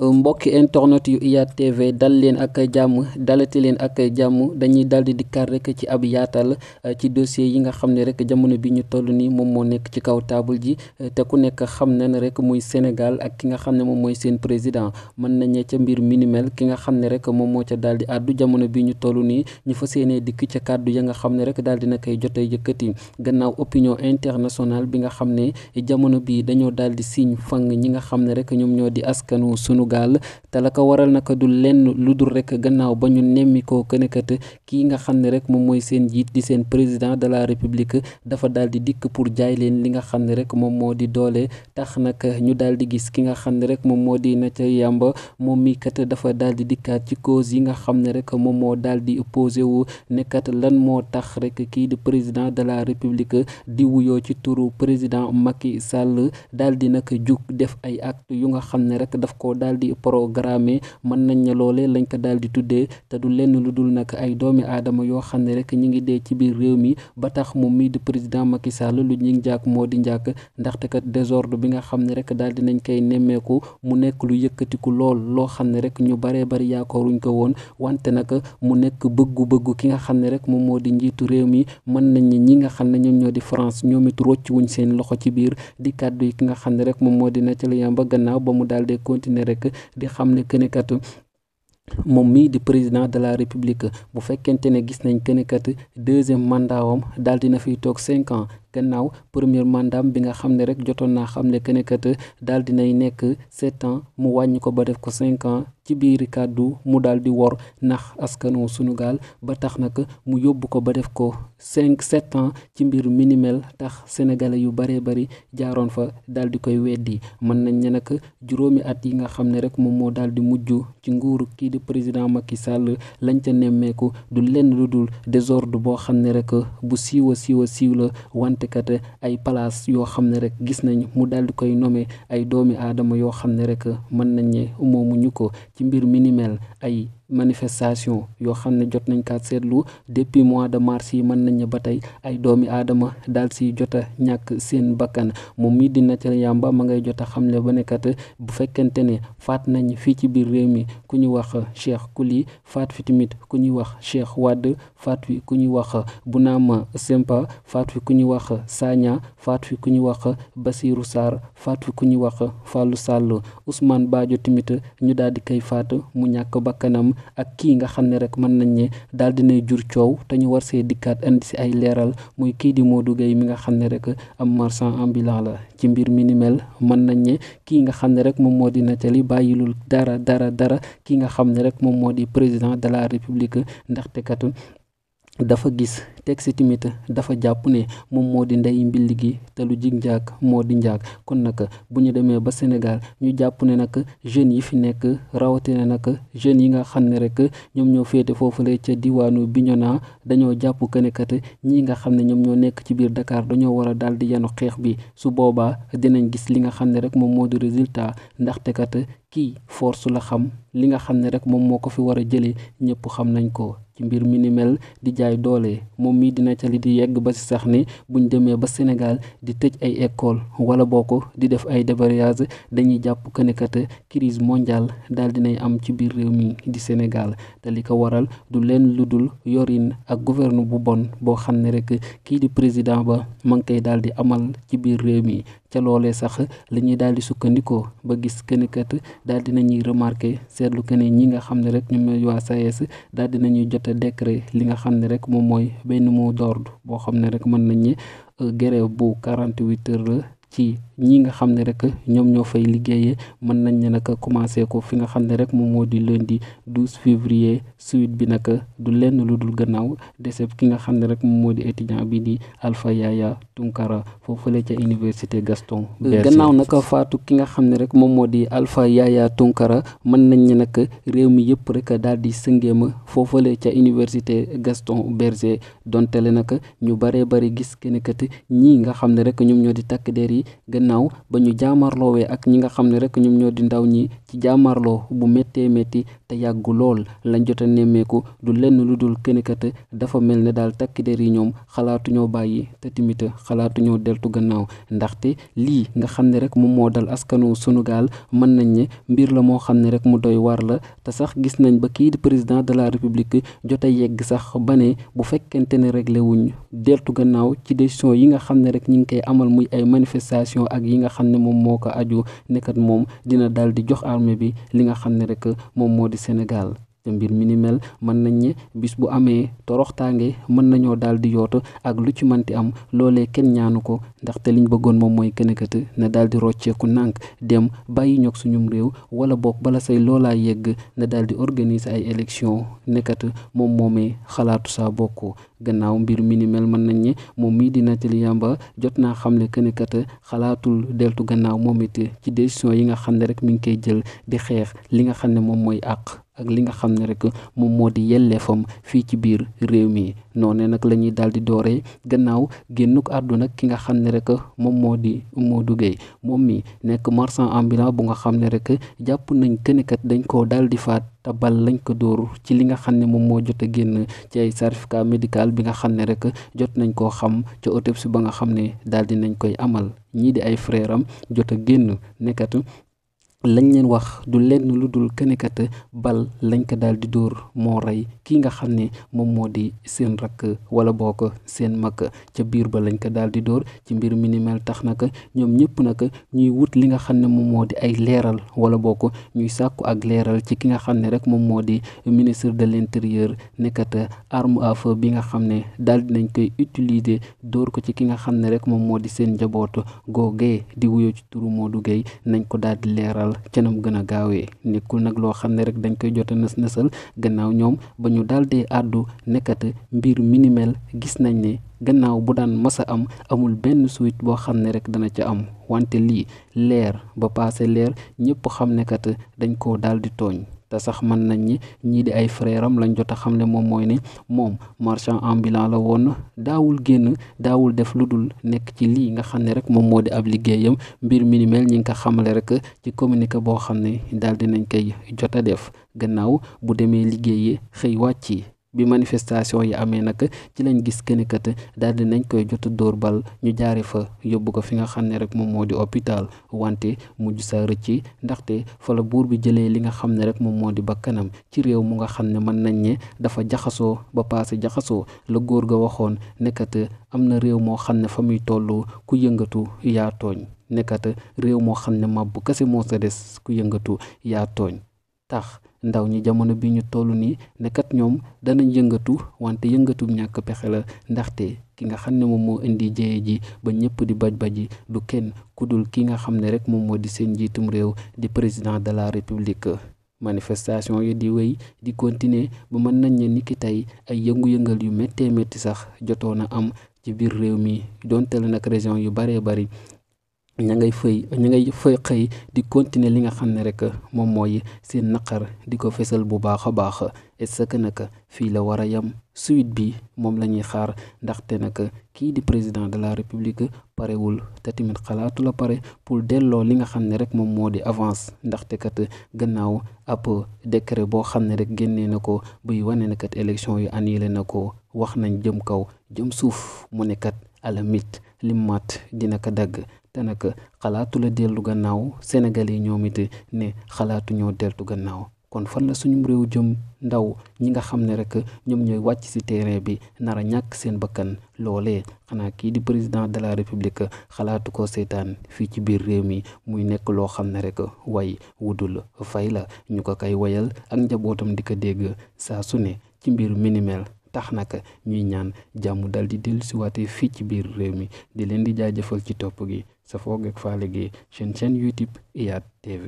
Euh, mbokki internet yu IYAT TV dal leen ak jàmm dalati leen ak jàmm dañuy dal di dikkaat rek ci ab yaatal euh, ci dossier yi nga xam ne rek jamono bi ñu toll nii moom moo nekk ci kaw taabal ji euh, te ku nekk xam na ne rek muy Sénégal ak ki nga xam ne moom mooy seen président mën nañ ca mbir minimel ki nga xam ne rek moom moo ca daal di àddu jamono bi ñu toll nii ñu fa seenee dikk ca kàddu ya nga xam ne rek daal dina koy jotee yëkkati gannaaw opinion internationale bi nga xam ne jamono bii dañoo daldi di signe fang ñi nga xam ne rek ñoom ñoo di askanu sunu gaal te la ko waral naka du lenn lu dul rek gannaaw ba ñu nemmi koo kënekat kii nga xam ne rek moom mooy seen jiit di seen président de la république dafa daal di dikk pour jaay leen li nga xam ne rek moom moo di doole tax nag ñu daal di gis ki nga xam ne rek moom moo di Nathieu Yamba moom mi kat dafa daal di dikkaat ci cause yi nga xam ne rek moom moo daal di opposé wu nekkat lan moo tax rek kii di président de la république di wuyoo ci turu président Macky Sall daal di nag jug def ay acte yu nga xam ne rek daf ko daal daal di programmer mën nañ ne loolee lañ ko daal di tuddee te du lenn lu dul nag ay doomi aadama yoo xam ne rek ñi ngi dee ci biir réew mi ba tax mu mii di président Macky Sall lu ñu njàkk moo di njàkk ndaxte kat désordre bi nga xam ne rek daal di nañ koy nemmeeku mu nekk lu yëkkatiku lool loo xam ne rek ñu baree bari yaakaaruñ ko woon wante nag mu nekk bëggu-bëggu ki nga xam ne rek moom moo di njiitu réew mi mën nañ ñi ñi nga xam ne ñoom ñoo di France ñoom it rocc wuñ seen loxo ci biir di kàddu yi ki nga xam ne rek moom moo di Nathalie nekk di xam ne que ne moom mii di président de la république bu fekkente ne gis nañ que ne kat deuxième mandat dal daal dina fiy toog cinq ans gannaaw premier mandat bi nga xam ne rek jotoon naa xam ne que ne kat daal dinay nekk sept ans mu wàññi ko ba def ko cinq ans ci biir kàddu mu daal di wor ndax askanu sunu ba tax nag mu yóbbu ko ba def ko cinq sept ans ci mbir minimel tax sénégalais yu baree bari jaaroon fa daal di koy weddi mën nañ ne nag juróomi at yi nga xam ne rek moom moo daal di mujj ci nguuru kii di président Macky sàll lañ ca nemmeeku du lenn lu dul boo xam ne rek bu siiwa siiwa siiw la kat ay palaas yoo xam ne rek gis nañ mu daal di koy nome ay doomi aadama yoo xam ne rek mën nañ ne moomu ñu ko ci mbir mi ay manifestation yoo xam ne jot nañ kaa seetlu depuis mois de mars yi mën nañ ba tey ay doomi aadama daal si jot a ñàkk seen bakkan moom mii di Natalie Yamba ma ngay jot a xamle ba nekkat bu fekkente ne faat nañ fii ci biir réew mi ku ñuy wax Cheikh Kouly faat fi tamit ku ñuy wax Cheikh Wade faat fi ku ñuy wax Bounama Sempa faat fi ku ñuy wax Sagna faat fi ku ñuy wax Bassirou Sarr faat fi ku ñuy wax fàllu Sall Ousmane Badio tamit ñu daal di koy faat mu ñàkk bakkanam ak kii nga xam ne rek mën nañ ne daal dinay jur coow te ñu war see dikkat indi si ay leeral muy kii di moo Gueye mi nga xam ne rek am marchand ambulant la ci mbir mi mën nañ ne kii nga xam ne rek moom moo di Nathalie bàyyilul dara dara dara kii nga xam ne rek moom moo di président de la république ndaxte katu dafa gis teg si tamit dafa jàpp ne moom moo di ndey mbill gi te lu jig njaag moo di njaag kon nag bu ñu demee ba Sénégal ñu jàpp ne nag jeunes yi fi nekk rawatina nag jeunes yi nga xam ne rek ñoom ñoo féete foofu foofule ca diwaanu Bignona dañoo jàpp que ne ñii nga xam ne ñoom ñoo nekk ci biir Dakar dañoo war a daal di yanu xeex bi su boobaa dinañ gis li nga xam ne rek moom moo di résultat ndaxtekat kii force la xam li nga xam ne rek moom moo ko fi war a jëlee ñëpp xam nañ ko ci mbir mi ni mel di jaay doole moom mii dina cali di yegg ba si sax ni buñ demee ba Sénégal di tëj ay école wala boo ko di def ay débrayage dañuy jàpp que ne kat crise mondiale daal dinay am ci biir réew mi di Sénégal te li ko waral du leen lu dul yorin ak gouverne bu bon boo xam ne rek kii di président ba ma ngi koy daal di amal ci biir réew mi ca loole sax la ñuy daal di sukkandikoo ba gis kenn kat daal di nañuy remarqué seetlu kenn ñi nga xam ne rek ñu mel waa SAES daal di nañuy jot a li nga xam ne rek moom mooy benn mot d'ordre boo xam ne rek mën nañ ne euh, grève bu 48 heures la ci. ñi nga xam ne rek ñoom ñoo fay liggéeyee mën nañ ne nag commencé ko fi nga xam ne rek moom moo di lundi 12 février suite bi nag du lenn lu dul gannaaw deseb ki nga xam ne rek moom moo di étudiant bi di Alpha Yaya Tunkara foofule ca université Gaston euh, gannaaw nag faatu ki nga xam ne rek moom moo di Alpha Yaya Tunkara mën nañ ne nag réew mi yëpp rek daal di sëngeema foofale ca université Gaston Berger dontele nag ñu baree bari gis kenekati ñi nga xam ne rek ñoom ñoo di takk der yi ginnaaw ba ñu jaamarloowee ak ñi nga xam ne rek ñoom ñoo di ndaw ñi ci jaamarloo bu méttee métti te yàggu lool lañ jot a nemmeeku du lenn lu dul kënekat dafa mel ne daal takk der yi ñoom xalaatuñoo bàyyi te timit xalaatuñoo deltu gannaaw ndaxte lii nga xam ne rek moom moo dal askanu Sunugaal mën nañ ne mbir la moo xam ne rek mu doy war la te sax gis nañ ba kii di président de la république jot a yegg sax ba ne bu fekkente ne réglé wuñ deltu gannaaw ci décision yi nga xam ne rek ñu ngi koy amal muy ay manifestation ak yi nga xam ne moom moo ko aju nekkat moom dina daal di jox armée bi li nga xam ne rek moom moo di Sénégal te mbir mi mën nañ ñe bis bu amee toroxtaange mën nañoo daal di yooto ak lu ci mënti am loole kenn ñaanu ko ndaxte liñ bëggoon moom mooy kënekat na daal di rocceeku nànk dem bàyyi ñoog suñum réew wala boog bala say loolaa yegg na daal di organiser ay élection neket moom moomee xalaatu saa bokk gannaaw mbir mi mën nañ ñe moom mii di Nathalie Yamba jot naa xamle kënekat xalaatul deltu gannaaw moom ci décision yi nga xam ne rek mi ngi koy jël di xeex li nga xam ne moom mooy àq ak li nga xam ne rek moom moo di yelleefam fii ci biir réew mi noone nag la ñuy daal di dooree gannaaw génnuk àdduna ki nga xam ne rek moom moo di moo Gueye moom mi nekk marchand ambulant bu nga xam ne rek jàpp nañ kënekat dañ koo daal di faat tabal lañ ko dóor ci li nga xam ne moom moo jot a génn ci ay certificat médical bi nga xam ne rek jot nañ koo xam ca autopsie ba nga xam ne daal di nañ koy amal ñii di ay frère jot a génn nekkat lañ leen wax du lenn lu dul kenekat bal lañ ko daal di dóor moo rey ki nga xam ne moom moo di seen rakk wala boo ko seen mag ca biir ba lañ ko daal di dóor ci mbir minimal tax nag ñoom ñëpp nag ñuy wut li nga xam ne moom moo di ay leeral wala boo ko ñuy sàkku ak leeral ci ki nga xam ne rek moom moo di ministre de l'intérieur nekkat arme à feu bi nga xam ne daal di nañ koy utiliser dóor ko ci ki nga xam ne rek moom moo di seen njaboot googee di wuyoo ci turu moo Gueye nañ ko daal di leeral doxal nam gën a gaawee nekkul nag loo xam ne rek dañ koy jot a nës nësal gannaaw ñoom ba ñu daal di àddu nekkat mbir minimel gis nañ ne gannaaw bu daan mës a am amul benn suite boo xam ne rek dana ca am wante lii leer ba passé leer ñëpp xam ne dañ koo daal di tooñ. te sax mën nañ ñi ñii di ay frère lañ jot a xam ne moom mooy ne moom marchand ambulant la woon daawul génn daawul def lu dul nekk ci lii nga xam ne rek moom moo di ab liggéeyam mbir mi ñi ngi ko xamale rek ci communiqué boo xam ne daal nañ koy jot a def gannaaw bu demee liggéeyi xëy wàcc bi manifestation yi amee nag ci lañ gis que ne kat di nañ koy jot dóor bal ñu jaare fa yóbbu ko fi nga xam ne rek moom moo di hôpital wante mujj sa rëcc ndaxte fala buur bi jëlee li nga xam ne rek moom moo di bakkanam ci réew mu nga xam ne mën nañ ne dafa jaxasoo ba paase jaxasoo la góor ga waxoon nekkat am na réew moo xam ne fa muy tollu ku yëngatu yaa tooñ nekkat réew moo xam ne màbbu kese moo sa des ku yëngatu yaa tooñ ndaw ñi jamono bi ñu toll nii nekkat ñoom danañ yëngatu wante yëngatu ñàkk pexe la ndaxte ki nga xam ne moom moo indi jéye ji ba ñëpp di baj-baji du kenn ku dul ki nga xam ne rek moom moo di seen njiitum réew di président de la république manifestation yi di wéy di continuer ba mën nañ ne niki tey ay yëngu-yëngal yu méttee métti sax jotoon a am ci biir réew mi donte la nag région yu baree bari ñu ngay fëy ñu ngay fëy xëy di continuer li nga xam ne rek moom mooy seen naqar di ko fésal bu baax a baax est-ce que nag fii la war a yem suite bi moom la ñuy xaar ndaxte nag kii di président de la république parewul te tamit xalaatu la pare pour delloo li nga xam ne rek moom moo di avance ndaxte kat gannaaw ab décret boo xam ne rek génnee na ko buy wane na kat élection yu annulé na ko wax nañ jëm kaw jëm suuf mu ne kat alamit li dina ko dagg. te nag xalaatu dellu gannaaw Sénégal yi ñoom it ne xalaatu ñoo deltu gannaaw kon fan la suñu réew jëm ndaw ñi nga xam ne rek ñoom ñooy wàcc ci terrain bi nar a ñàkk seen bakkan loole xanaa kii di président de la république xalaatu ko seytaan fii ci biir réew mi muy nekk loo xam ne rek way wudul fay la ñu ko kay wayal ak njabootam di ko dégg saa su ne ci mbir minimel tax nag ñuy ñaan jàmm dal di dellusiwaatee fii ci biir réew mi di leen di jëfal ci topp gi sa foog ak faale gi seen chaîne YouTube IYAT TV.